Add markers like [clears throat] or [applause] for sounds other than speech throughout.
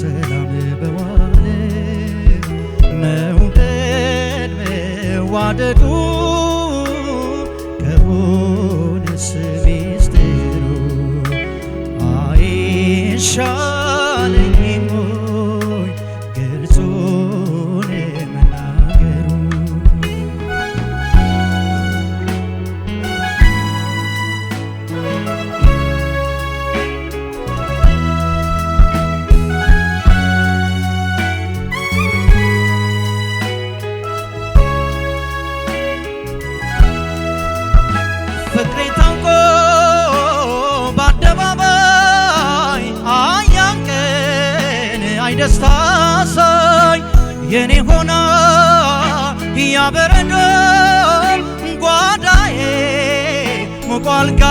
ሰላም በዋለ መውደድ መዋደዱ ከሆነ ሞቆ አልጋ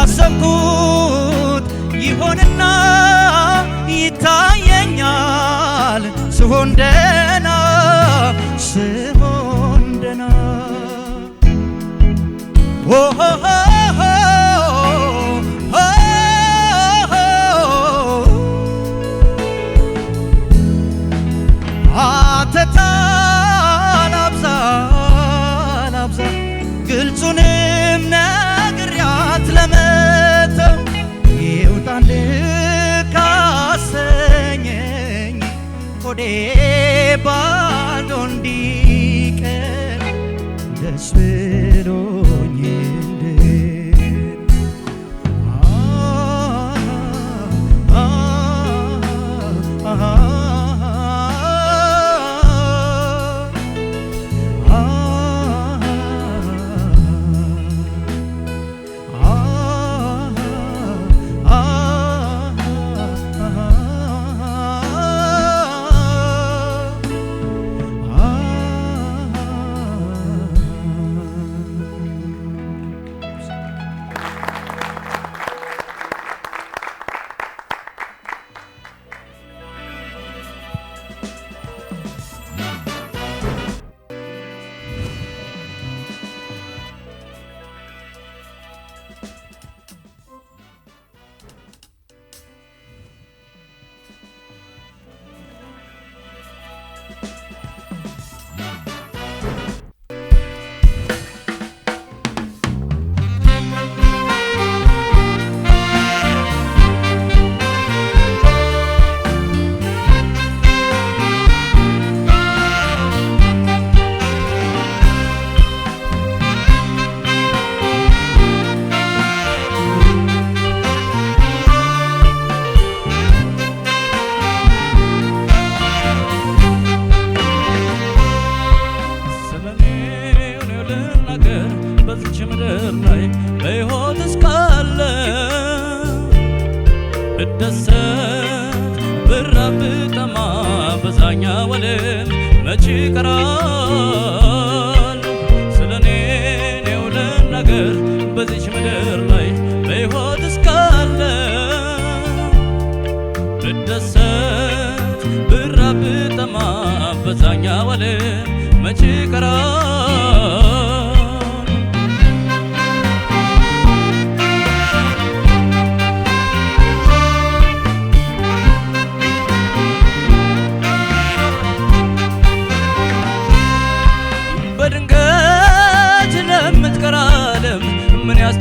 ያላሰብኩት ይሆንና ይታየኛል ስሆን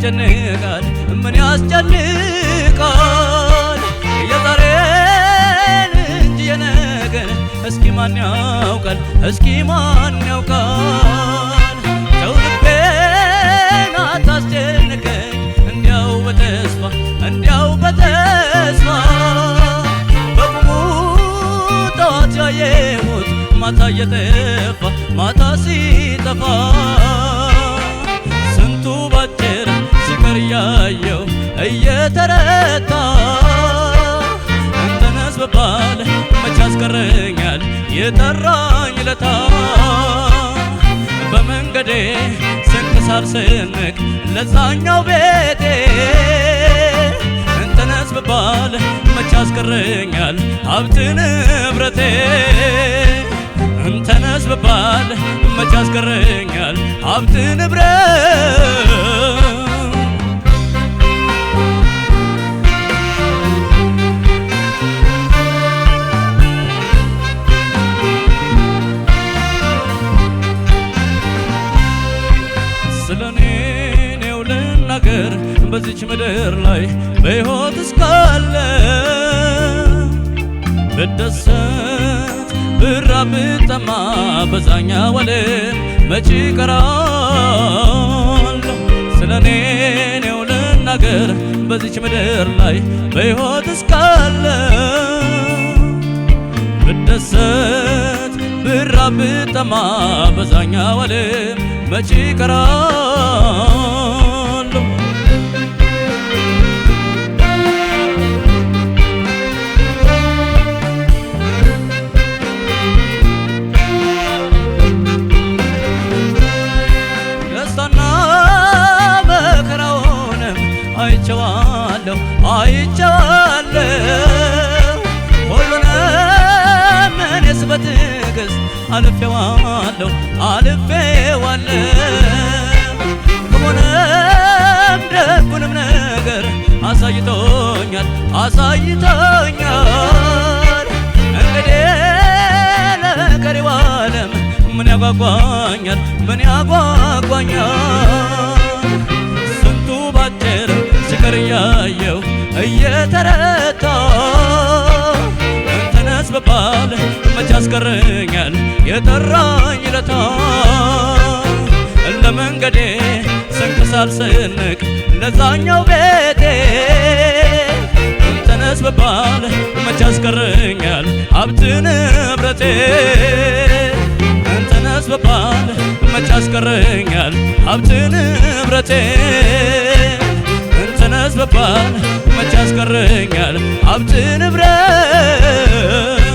ያስጨንቃል ምን ያስጨንቃል የዛሬን እንጂ የነገን እስኪ ማን ያውቃል እስኪ ማን ያውቃል ሰው ልቤን አታስጨንቀኝ እንዲያው በተስፋ እንዲያው በተስፋ በቁሙ ጠዋት ያየሙት ማታ እየጠፋ ማታ ሲጠፋ ስንቱ ባጭር እያየው እየተረታ እንተነስ በባል መቼ ያስቀረኛል የጠራኝ ለታ በመንገዴ ስንክሳር ስንቅ ለዛኛው ቤቴ እንተነስ በባል መቼ ያስቀረኛል ሀብት ንብረቴ እንተነስ በባል መቼ ያስቀረኛል ሀብት ንብረት በዚች ምድር ላይ በሕይወት እስካለ ብደሰት ብራ ብጠማ በዛኛ ወለም መች ቀራል ስለኔ ነው ልናገር በዚች ምድር ላይ በሕይወት እስካለ ብደሰት ብራ ብጠማ በዛኛ ወለም መች ቀራል የጠራኝ ለታ ለመንገዴ ስንክሳል ስንቅ ለዛኛው ቤቴ ተነስ በባል መቼ ያስቀረኛል ሀብት ንብረቴ ተነስ በባል መቼ ያስቀረኛል ሀብት ንብረቴ ተነስ በባል መቼ ያስቀረኛል ሀብት ንብረት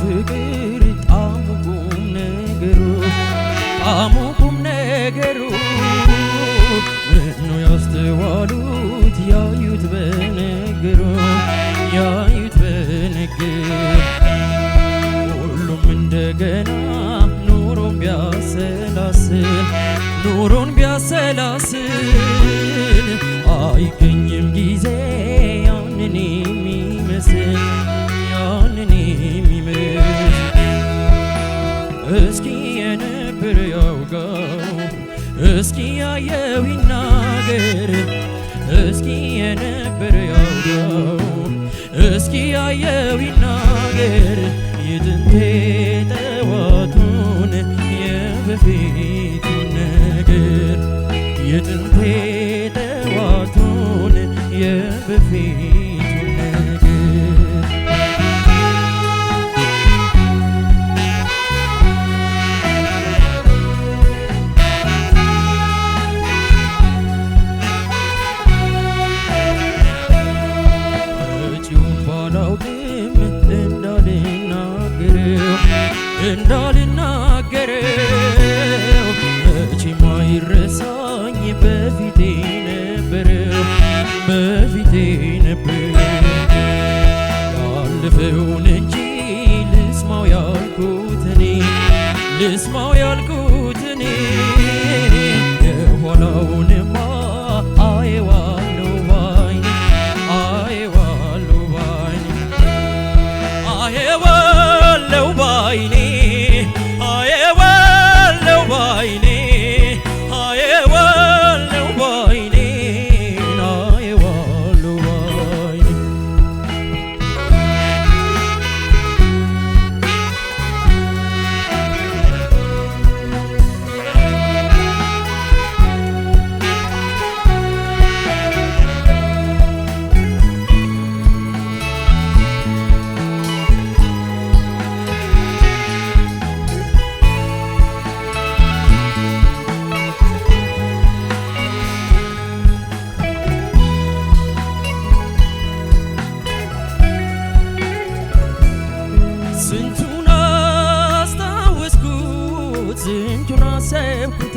ፍቅር ጣም ቁም ነገሩ ጣሙ nurun bir biaselasın Ay gönlüm dize yanenim imesin Yanenim imes Özkiyen öpür yavgav Özkiya yevin nager Özkiyen bir yavgav Özkiya yevin nager Yedin teder ልጁን አሰብኩት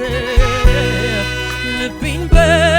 ልቤን በ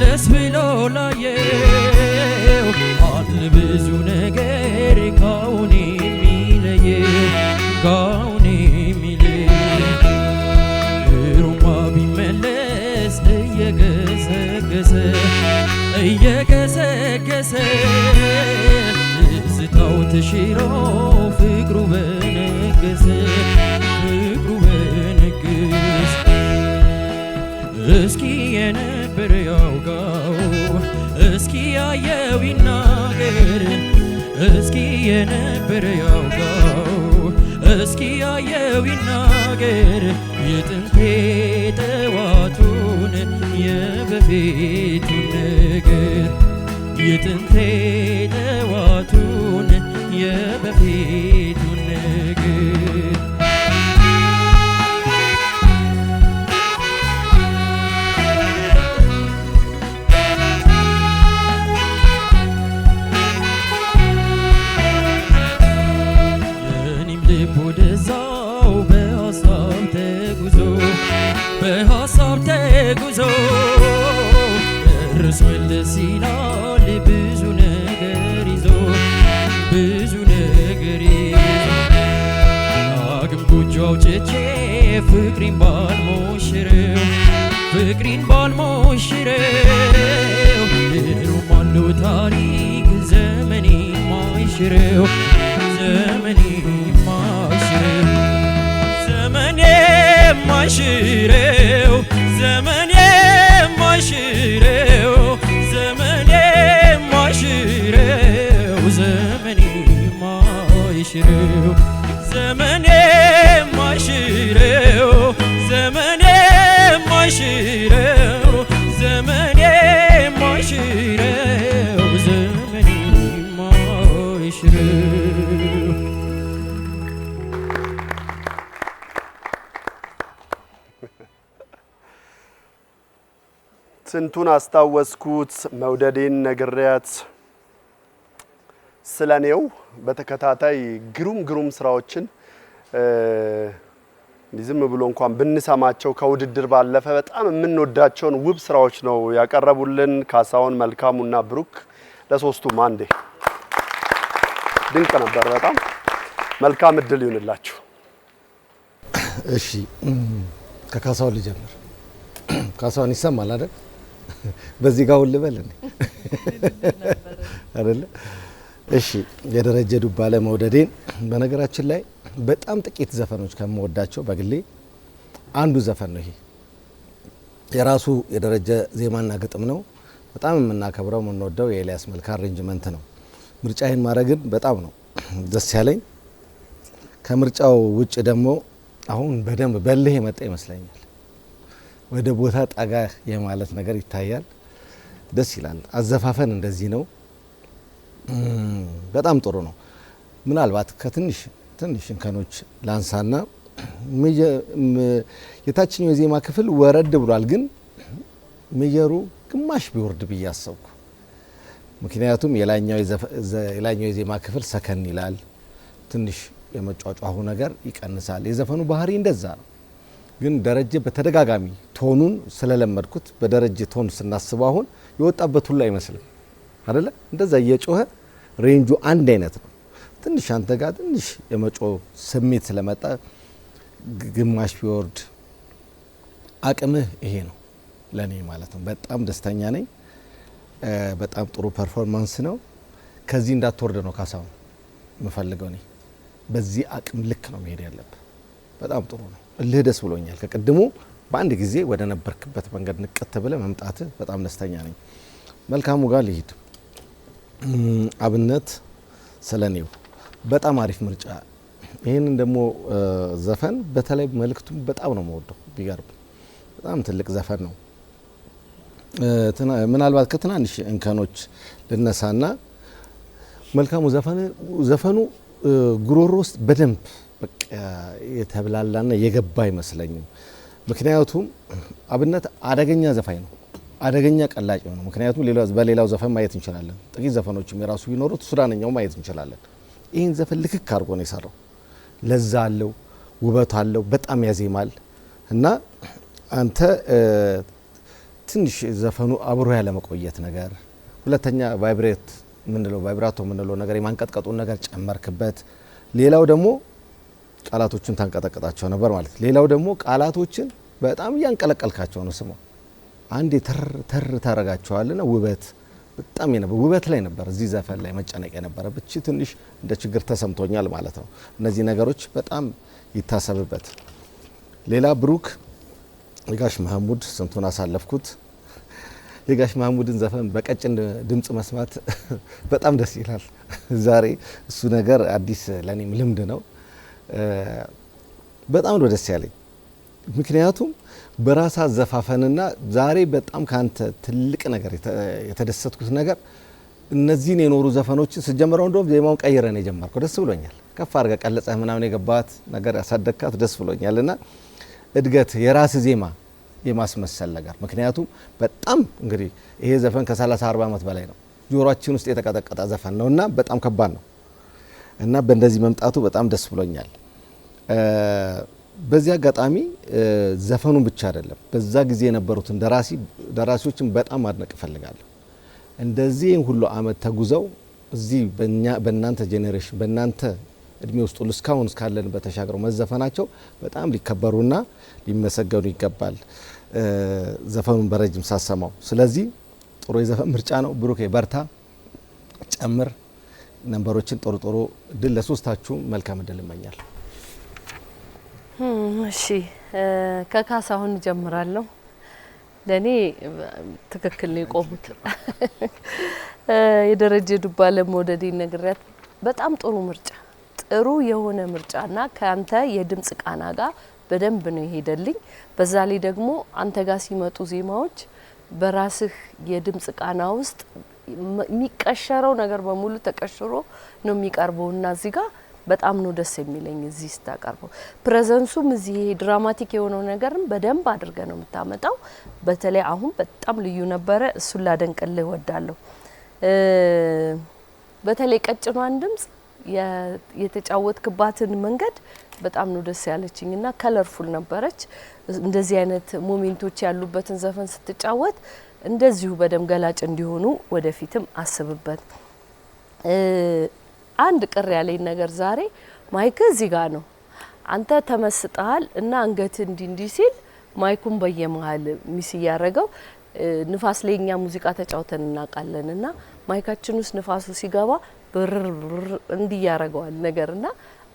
መለስ ብሎ ላየው አል ብዙ ነገር ጋውን የሚለየ ከአሁኔ የሚለየ ሮማ ቢመለስ እየገሰገሰ እየገሰገሰ ዝታው ተሽሮ ፍቅሩ በነገሰ እስኪ የነበረ ያውጋው እስኪ ያየው ይናገር እስኪ የነበረ ያውጋው እስኪ ያየው ይናገር የጥንቴ ጠዋቱን የበፊቱን ነገር የጥንቴ ጠዋቱን የበፊቱን ነገር በሐሳብ ተጉዞ ደርሷል ሲላል ብዙ ነገር ይዞ ብዙ ነገር ዳግም ጎጆ አውጥቼ ፍቅሪን ባልሞሽረው ፍቅሪን ባልሞሽረው ድሮማሉ ታሪክ ዘመኔ ማይሽረው ዘመኔ ማይሽረው የማይሽረው ዘመን የማይሽረው ዘመን የማይሽረው ዘመን የማይሽረው ዘመን የማይሽረው ዘመን የማይሽረው ዘመን የማይሽረው ዘመን የማይሽረው ስንቱን አስታወስኩት መውደዴን ነግሬያት ስለ እኔው በተከታታይ ግሩም ግሩም ስራዎችን ዝም ብሎ እንኳን ብንሰማቸው ከውድድር ባለፈ በጣም የምንወዳቸውን ውብ ስራዎች ነው ያቀረቡልን ካሳሁን እና ብሩክ። ለሶስቱም አንዴ ድንቅ ነበር። በጣም መልካም እድል ይሁንላችሁ። እሺ ከካሳሁን ልጀምር። ካሳሁን ይሰማል አይደል? በዚህ ጋር ሁሉ በል አይደለ? እሺ የደረጀ ዱባ መውደዴን በነገራችን ላይ በጣም ጥቂት ዘፈኖች ከምወዳቸው በግሌ አንዱ ዘፈን ነው። ይሄ የራሱ የደረጀ ዜማና ግጥም ነው። በጣም የምናከብረው የምንወደው የኤልያስ መልካ አሬንጅመንት ነው። ምርጫዬን ማድረግን በጣም ነው ደስ ያለኝ። ከምርጫው ውጭ ደግሞ አሁን በደንብ በልህ የመጣ ይመስለኛል ወደ ቦታ ጠጋ የማለት ነገር ይታያል። ደስ ይላል። አዘፋፈን እንደዚህ ነው። በጣም ጥሩ ነው። ምናልባት ከትንሽ ትንሽ እንከኖች ላንሳና የታችኛው የዜማ ክፍል ወረድ ብሏል፣ ግን ሜጀሩ ግማሽ ቢወርድ ብዬ አሰብኩ። ምክንያቱም የላይኛው የዜማ ክፍል ሰከን ይላል፣ ትንሽ የመጫጫሁ ነገር ይቀንሳል። የዘፈኑ ባህሪ እንደዛ ነው። ግን ደረጀ በተደጋጋሚ ቶኑን ስለለመድኩት በደረጀ ቶን ስናስበው አሁን የወጣበት ሁሉ አይመስልም አደለ? እንደዛ እየጮኸ ሬንጁ አንድ አይነት ነው። ትንሽ አንተ ጋር ትንሽ የመጮ ስሜት ስለመጣ ግማሽ ቢወርድ አቅምህ ይሄ ነው ለእኔ ማለት ነው። በጣም ደስተኛ ነኝ። በጣም ጥሩ ፐርፎርማንስ ነው። ከዚህ እንዳትወርድ ነው ካሳሁን የምፈልገው እኔ። በዚህ አቅም ልክ ነው መሄድ ያለብህ። በጣም ጥሩ ነው። እልህ ደስ ብሎኛል። ከቅድሙ በአንድ ጊዜ ወደ ነበርክበት መንገድ ንቀት ብለ መምጣት በጣም ደስተኛ ነኝ። መልካሙ ጋር ልሂድ። አብነት ስለኔው በጣም አሪፍ ምርጫ። ይህንን ደግሞ ዘፈን በተለይ መልእክቱም በጣም ነው መወደው። ቢገርም በጣም ትልቅ ዘፈን ነው። ምናልባት ከትናንሽ እንከኖች ልነሳና መልካሙ ዘፈኑ ጉሮሮ ውስጥ በደንብ የተብላላና የገባ አይመስለኝም። ምክንያቱም አብነት አደገኛ ዘፋኝ ነው፣ አደገኛ ቀላጭ ነው። ምክንያቱም በሌላው ዘፈን ማየት እንችላለን። ጥቂት ዘፈኖችም የራሱ ቢኖሩት ሱዳነኛው ማየት እንችላለን። ይህን ዘፈን ልክክ አድርጎ ነው የሰራው። ለዛ አለው፣ ውበት አለው፣ በጣም ያዜማል እና አንተ ትንሽ ዘፈኑ አብሮ ያለመቆየት ነገር፣ ሁለተኛ ቫይብሬት ምንለው ቫይብራቶ ምንለው ነገር የማንቀጥቀጡን ነገር ጨመርክበት። ሌላው ደግሞ ቃላቶችን ታንቀጠቀጣቸው ነበር ማለት። ሌላው ደግሞ ቃላቶችን በጣም እያንቀለቀልካቸው ነው። ስማ አንዴ ተር ተር ታረጋቸዋልና ውበት በጣም የነበር ውበት ላይ ነበር እዚህ ዘፈን ላይ መጨነቅ የነበረ ብቻ ትንሽ እንደ ችግር ተሰምቶኛል ማለት ነው። እነዚህ ነገሮች በጣም ይታሰብበት። ሌላ ብሩክ የጋሽ መሐሙድ ስንቱን አሳለፍኩት። የጋሽ መሐሙድን ዘፈን በቀጭን ድምጽ መስማት በጣም ደስ ይላል። ዛሬ እሱ ነገር አዲስ ለእኔም ልምድ ነው። በጣም ነው ደስ ያለኝ። ምክንያቱም በራስ አዘፋፈንና ዛሬ በጣም ከአንተ ትልቅ ነገር የተደሰትኩት ነገር እነዚህን የኖሩ ዘፈኖችን ስጀምረው እንደውም ዜማውን ቀይረ ነው የጀመርከው። ደስ ብሎኛል። ከፍ አድርገ ቀለጸህ ምናምን የገባት ነገር ያሳደግካት ደስ ብሎኛል። እና እድገት የራስ ዜማ የማስመሰል ነገር ምክንያቱም በጣም እንግዲህ ይሄ ዘፈን ከ30 40 ዓመት በላይ ነው ጆሮአችን ውስጥ የተቀጠቀጠ ዘፈን ነው እና በጣም ከባድ ነው። እና በእንደዚህ መምጣቱ በጣም ደስ ብሎኛል። በዚህ አጋጣሚ ዘፈኑን ብቻ አይደለም በዛ ጊዜ የነበሩትን ደራሲዎችን በጣም ማድነቅ እፈልጋለሁ። እንደዚህ ሁሉ አመት ተጉዘው እዚህ በእናንተ ጄኔሬሽን በእናንተ እድሜ ውስጥ እስካሁን እስካለን ተሻግረው መዘፈናቸው በጣም ሊከበሩና ሊመሰገኑ ይገባል። ዘፈኑን በረጅም ሳሰማው። ስለዚህ ጥሩ የዘፈን ምርጫ ነው። ብሩኬ በርታ፣ ጨምር ነንበሮችን ጥሩ ጥሩ ድል ለሶስታችሁም መልካም እድል ይመኛል። እሺ ከካሳሁን ጀምራለሁ። ለእኔ ትክክል ነው የቆሙት። የደረጀ ዱባ ለመውደድ ነግሪያት። በጣም ጥሩ ምርጫ፣ ጥሩ የሆነ ምርጫና ከአንተ የድምፅ ቃና ጋር በደንብ ነው የሄደልኝ። በዛ ላይ ደግሞ አንተ ጋር ሲመጡ ዜማዎች በራስህ የድምፅ ቃና ውስጥ የሚቀሸረው ነገር በሙሉ ተቀሽሮ ነው የሚቀርበው እና እዚህ ጋር በጣም ነው ደስ የሚለኝ እዚህ ስታቀርበው ፕሬዘንሱም እዚህ ይሄ ድራማቲክ የሆነው ነገርም በደንብ አድርገ ነው የምታመጣው። በተለይ አሁን በጣም ልዩ ነበረ። እሱን ላደንቅልህ እወዳለሁ። በተለይ ቀጭኗን ድምጽ የተጫወትክባትን መንገድ በጣም ነው ደስ ያለችኝ እና ከለርፉል ነበረች። እንደዚህ አይነት ሞሜንቶች ያሉበትን ዘፈን ስትጫወት እንደዚሁ በደም ገላጭ እንዲሆኑ ወደፊትም አስብበት። አንድ ቅር ያለኝ ነገር ዛሬ ማይክ እዚህ ጋር ነው፣ አንተ ተመስጠሃል እና አንገት እንዲ እንዲ ሲል ማይኩን በየመሀል ሚስ እያደረገው ንፋስ ላይ እኛ ሙዚቃ ተጫውተን እናውቃለን እና ማይካችን ውስጥ ንፋሱ ሲገባ ብርር እንዲ ያረገዋል ነገር እና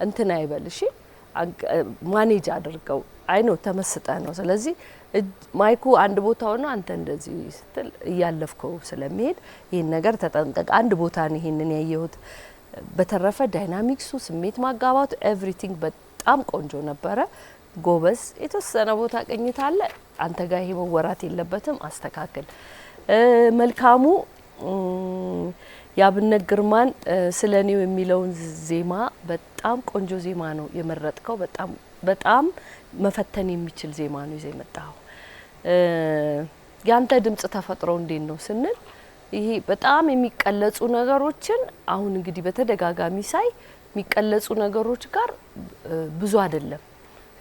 እንትን አይበል እሺ፣ ማኔጅ አድርገው አይ ተመስጠ ነው። ስለዚህ ማይኩ አንድ ቦታ ሆኖ አንተ እንደዚህ ስትል እያለፍከው ስለሚሄድ ይህን ነገር ተጠንቀቅ። አንድ ቦታ ነው ይህንን ያየሁት። በተረፈ ዳይናሚክሱ፣ ስሜት ማጋባቱ፣ ኤቭሪቲንግ በጣም ቆንጆ ነበረ። ጎበዝ። የተወሰነ ቦታ ቅኝት አለ አንተ ጋር ይሄ መወራት የለበትም አስተካክል። መልካሙ የአብነት ግርማን ስለ እኔው የሚለውን ዜማ በጣም ቆንጆ ዜማ ነው የመረጥከው። በጣም በጣም መፈተን የሚችል ዜማ ነው ይዘ የመጣኸው። ያንተ ድምጽ ተፈጥሮ እንዴት ነው ስንል ይሄ በጣም የሚቀለጹ ነገሮችን አሁን እንግዲህ በተደጋጋሚ ሳይ የሚቀለጹ ነገሮች ጋር ብዙ አይደለም።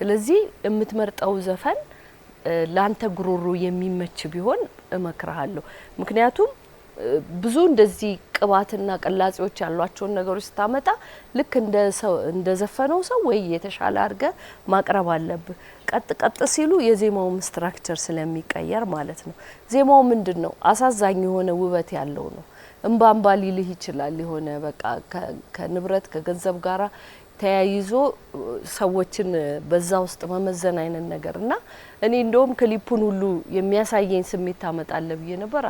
ስለዚህ የምትመርጠው ዘፈን ላንተ ጉሮሮ የሚመች ቢሆን እመክርሃለሁ። ምክንያቱም ብዙ እንደዚህ ቅባትና ቅላጼዎች ያሏቸውን ነገሮች ስታመጣ ልክ እንደ ዘፈነው ሰው ወይ የተሻለ አድርገ ማቅረብ አለብ ቀጥ ቀጥ ሲሉ የዜማውም ስትራክቸር ስለሚቀየር ማለት ነው። ዜማው ምንድን ነው? አሳዛኝ የሆነ ውበት ያለው ነው። እምባምባ ሊልህ ይችላል። የሆነ በቃ ከንብረት ከገንዘብ ጋራ ተያይዞ ሰዎችን በዛ ውስጥ መመዘን አይነት ነገር እና እኔ እንደውም ክሊፑን ሁሉ የሚያሳየኝ ስሜት ታመጣለ ብዬ ነበር።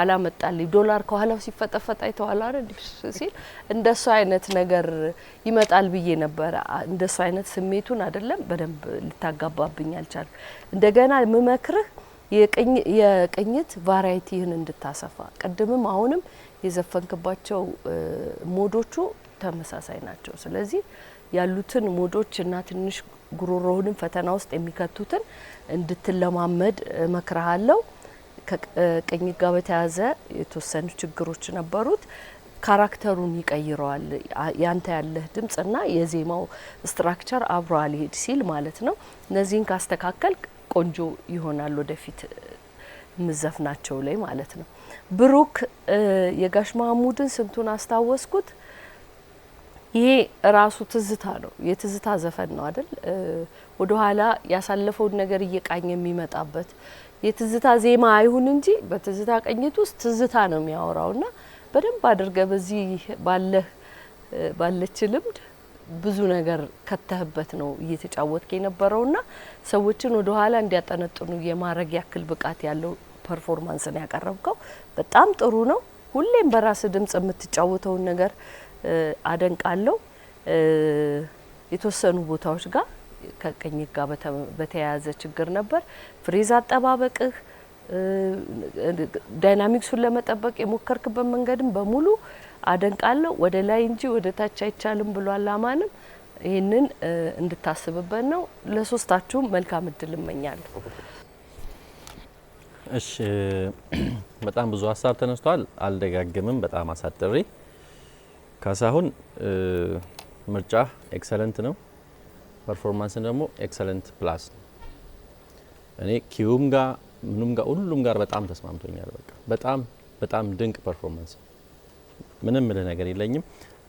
አላመጣልኝ። ዶላር ከኋላው ሲፈጠፈጥ አይተዋላ ሲል እንደ እንደሱ አይነት ነገር ይመጣል ብዬ ነበር። እንደሱ አይነት ስሜቱን አይደለም በደንብ ልታጋባብኝ አልቻል። እንደገና ምመክርህ የቅኝት ቫራይቲህን እንድታሰፋ ቅድምም አሁንም የዘፈንክባቸው ሞዶቹ ተመሳሳይ ናቸው። ስለዚህ ያሉትን ሞዶች እና ትንሽ ጉሮሮህንም ፈተና ውስጥ የሚከቱትን እንድትለማመድ እመክርሃለሁ። ከቅኝት ጋር በተያያዘ የተወሰኑ ችግሮች ነበሩት። ካራክተሩን ይቀይረዋል። ያንተ ያለህ ድምጽና የዜማው ስትራክቸር አብሮ አልሄድ ሲል ማለት ነው። እነዚህን ካስተካከል ቆንጆ ይሆናል ወደፊት ምዘፍናቸው ላይ ማለት ነው። ብሩክ የጋሽ መሀሙድን ስንቱን አስታወስኩት። ይሄ ራሱ ትዝታ ነው፣ የትዝታ ዘፈን ነው አይደል? ወደኋላ ያሳለፈውን ነገር እየቃኝ የሚመጣበት የትዝታ ዜማ አይሁን እንጂ በትዝታ ቅኝት ውስጥ ትዝታ ነው የሚያወራውና በደንብ አድርገ በዚህ ባለህ ባለች ልምድ ብዙ ነገር ከተህበት ነው እየተጫወትክ የነበረውና ሰዎችን ወደ ኋላ እንዲያጠነጥኑ የማድረግ ያክል ብቃት ያለው ፐርፎርማንስ ነው ያቀረብከው። በጣም ጥሩ ነው። ሁሌም በራስ ድምጽ የምትጫወተውን ነገር አደንቃለሁ። የተወሰኑ ቦታዎች ጋር ከቅኝት ጋር በተያያዘ ችግር ነበር። ፍሬዝ አጠባበቅህ፣ ዳይናሚክሱን ለመጠበቅ የሞከርክበት መንገድም በሙሉ አደንቃለሁ። ወደ ላይ እንጂ ወደ ታች አይቻልም ብሏል አማንም። ይህንን እንድታስብበት ነው። ለሶስታችሁም መልካም እድል እመኛለሁ። እሺ፣ [clears throat] በጣም ብዙ ሀሳብ ተነስቷል፣ አልደጋግምም በጣም አሳጥሬ ካሳሁን ምርጫ ኤክሰለንት ነው። ፐርፎርማንስን ደግሞ ኤክሰለንት ፕላስ ነው። እኔ ኪዩም ጋር ምኑም ጋር ሁሉም ጋር በጣም ተስማምቶኛል። በቃ በጣም በጣም ድንቅ ፐርፎርማንስ ምንም ምልህ ነገር የለኝም።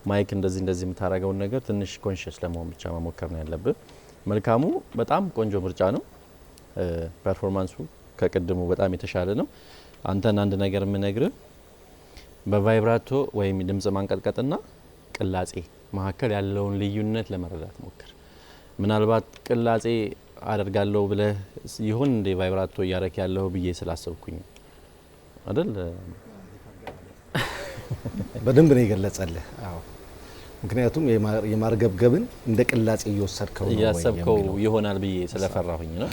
ማይክ እንደዚህ እንደዚህ የምታደርገውን ነገር ትንሽ ኮንሽስ ለመሆን ብቻ መሞከር ነው ያለብን። መልካሙ በጣም ቆንጆ ምርጫ ነው። ፐርፎርማንሱ ከቅድሙ በጣም የተሻለ ነው። አንተን አንድ ነገር የምነግርህ በቫይብራቶ ወይም ድምጽ ማንቀጥቀጥና ቅላጼ መካከል ያለውን ልዩነት ለመረዳት ሞክር። ምናልባት ቅላጼ አደርጋለሁ ብለህ ይሁን እንዴ ቫይብራቶ እያረክ ያለሁ ብዬ ስላሰብኩኝ አይደል? በደንብ ነው የገለጸልህ። አዎ ምክንያቱም የማርገብገብን እንደ ቅላጼ እየወሰድከው እያሰብከው ይሆናል ብዬ ስለፈራሁኝ ነው።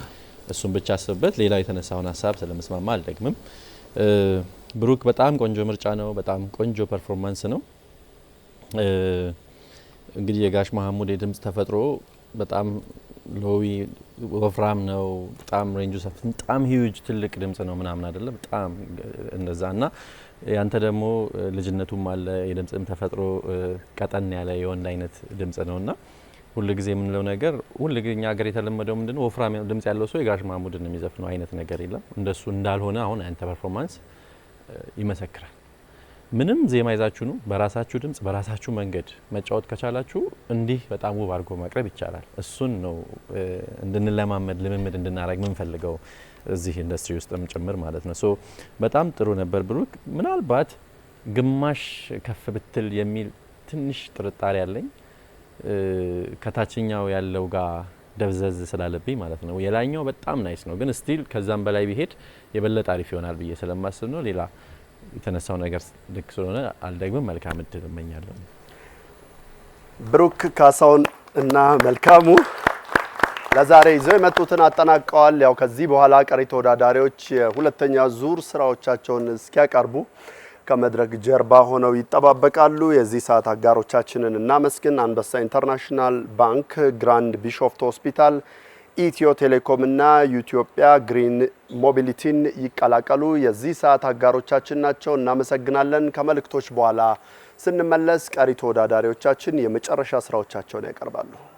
እሱን ብቻ አስብበት። ሌላው የተነሳውን ሀሳብ ስለመስማማ አልደግምም። ብሩክ በጣም ቆንጆ ምርጫ ነው። በጣም ቆንጆ ፐርፎርማንስ ነው። እንግዲህ የጋሽ መሀሙድ የድምጽ ተፈጥሮ በጣም ሎዊ ወፍራም ነው። በጣም ሬንጁ ሰፊ፣ በጣም ሂዩጅ ትልቅ ድምጽ ነው ምናምን አይደለም በጣም እንደዛ እና ያንተ ደግሞ ልጅነቱም አለ የድምጽም ተፈጥሮ ቀጠን ያለ የወንድ አይነት ድምጽ ነው እና ሁል ጊዜ የምንለው ነገር ሁል ጊዜ እኛ ሀገር የተለመደው ምንድነው ወፍራም ድምጽ ያለው ሰው የጋሽ ማሙድን የሚዘፍነው አይነት ነገር የለም። እንደሱ እንዳልሆነ አሁን አንተ ፐርፎርማንስ ይመሰክራል። ምንም ዜማ ይዛችሁ ነው በራሳችሁ ድምጽ በራሳችሁ መንገድ መጫወት ከቻላችሁ እንዲህ በጣም ውብ አድርጎ ማቅረብ ይቻላል። እሱን ነው እንድንለማመድ ልምምድ እንድናደርግ የምንፈልገው እዚህ ኢንዱስትሪ ውስጥም ጭምር ማለት ነው። ሶ በጣም ጥሩ ነበር ብሩክ። ምናልባት ግማሽ ከፍ ብትል የሚል ትንሽ ጥርጣሬ አለኝ ከታችኛው ያለው ጋር ደብዘዝ ስላለብኝ ማለት ነው። የላይኛው በጣም ናይስ ነው፣ ግን ስቲል ከዛም በላይ ቢሄድ የበለጠ አሪፍ ይሆናል ብዬ ስለማስብ ነው። ሌላ የተነሳው ነገር ልክ ስለሆነ አልደግምም። መልካም እድል እመኛለሁ። ብሩክ ካሳውን እና መልካሙ ለዛሬ ይዘው የመጡትን አጠናቀዋል። ያው ከዚህ በኋላ ቀሪ ተወዳዳሪዎች የሁለተኛ ዙር ስራዎቻቸውን እስኪያቀርቡ ከመድረክ ጀርባ ሆነው ይጠባበቃሉ። የዚህ ሰዓት አጋሮቻችንን እናመስግን። አንበሳ ኢንተርናሽናል ባንክ፣ ግራንድ ቢሾፍት ሆስፒታል፣ ኢትዮ ቴሌኮም እና ኢትዮጵያ ግሪን ሞቢሊቲን ይቀላቀሉ። የዚህ ሰዓት አጋሮቻችን ናቸው። እናመሰግናለን። ከመልእክቶች በኋላ ስንመለስ ቀሪ ተወዳዳሪዎቻችን የመጨረሻ ስራዎቻቸውን ያቀርባሉ።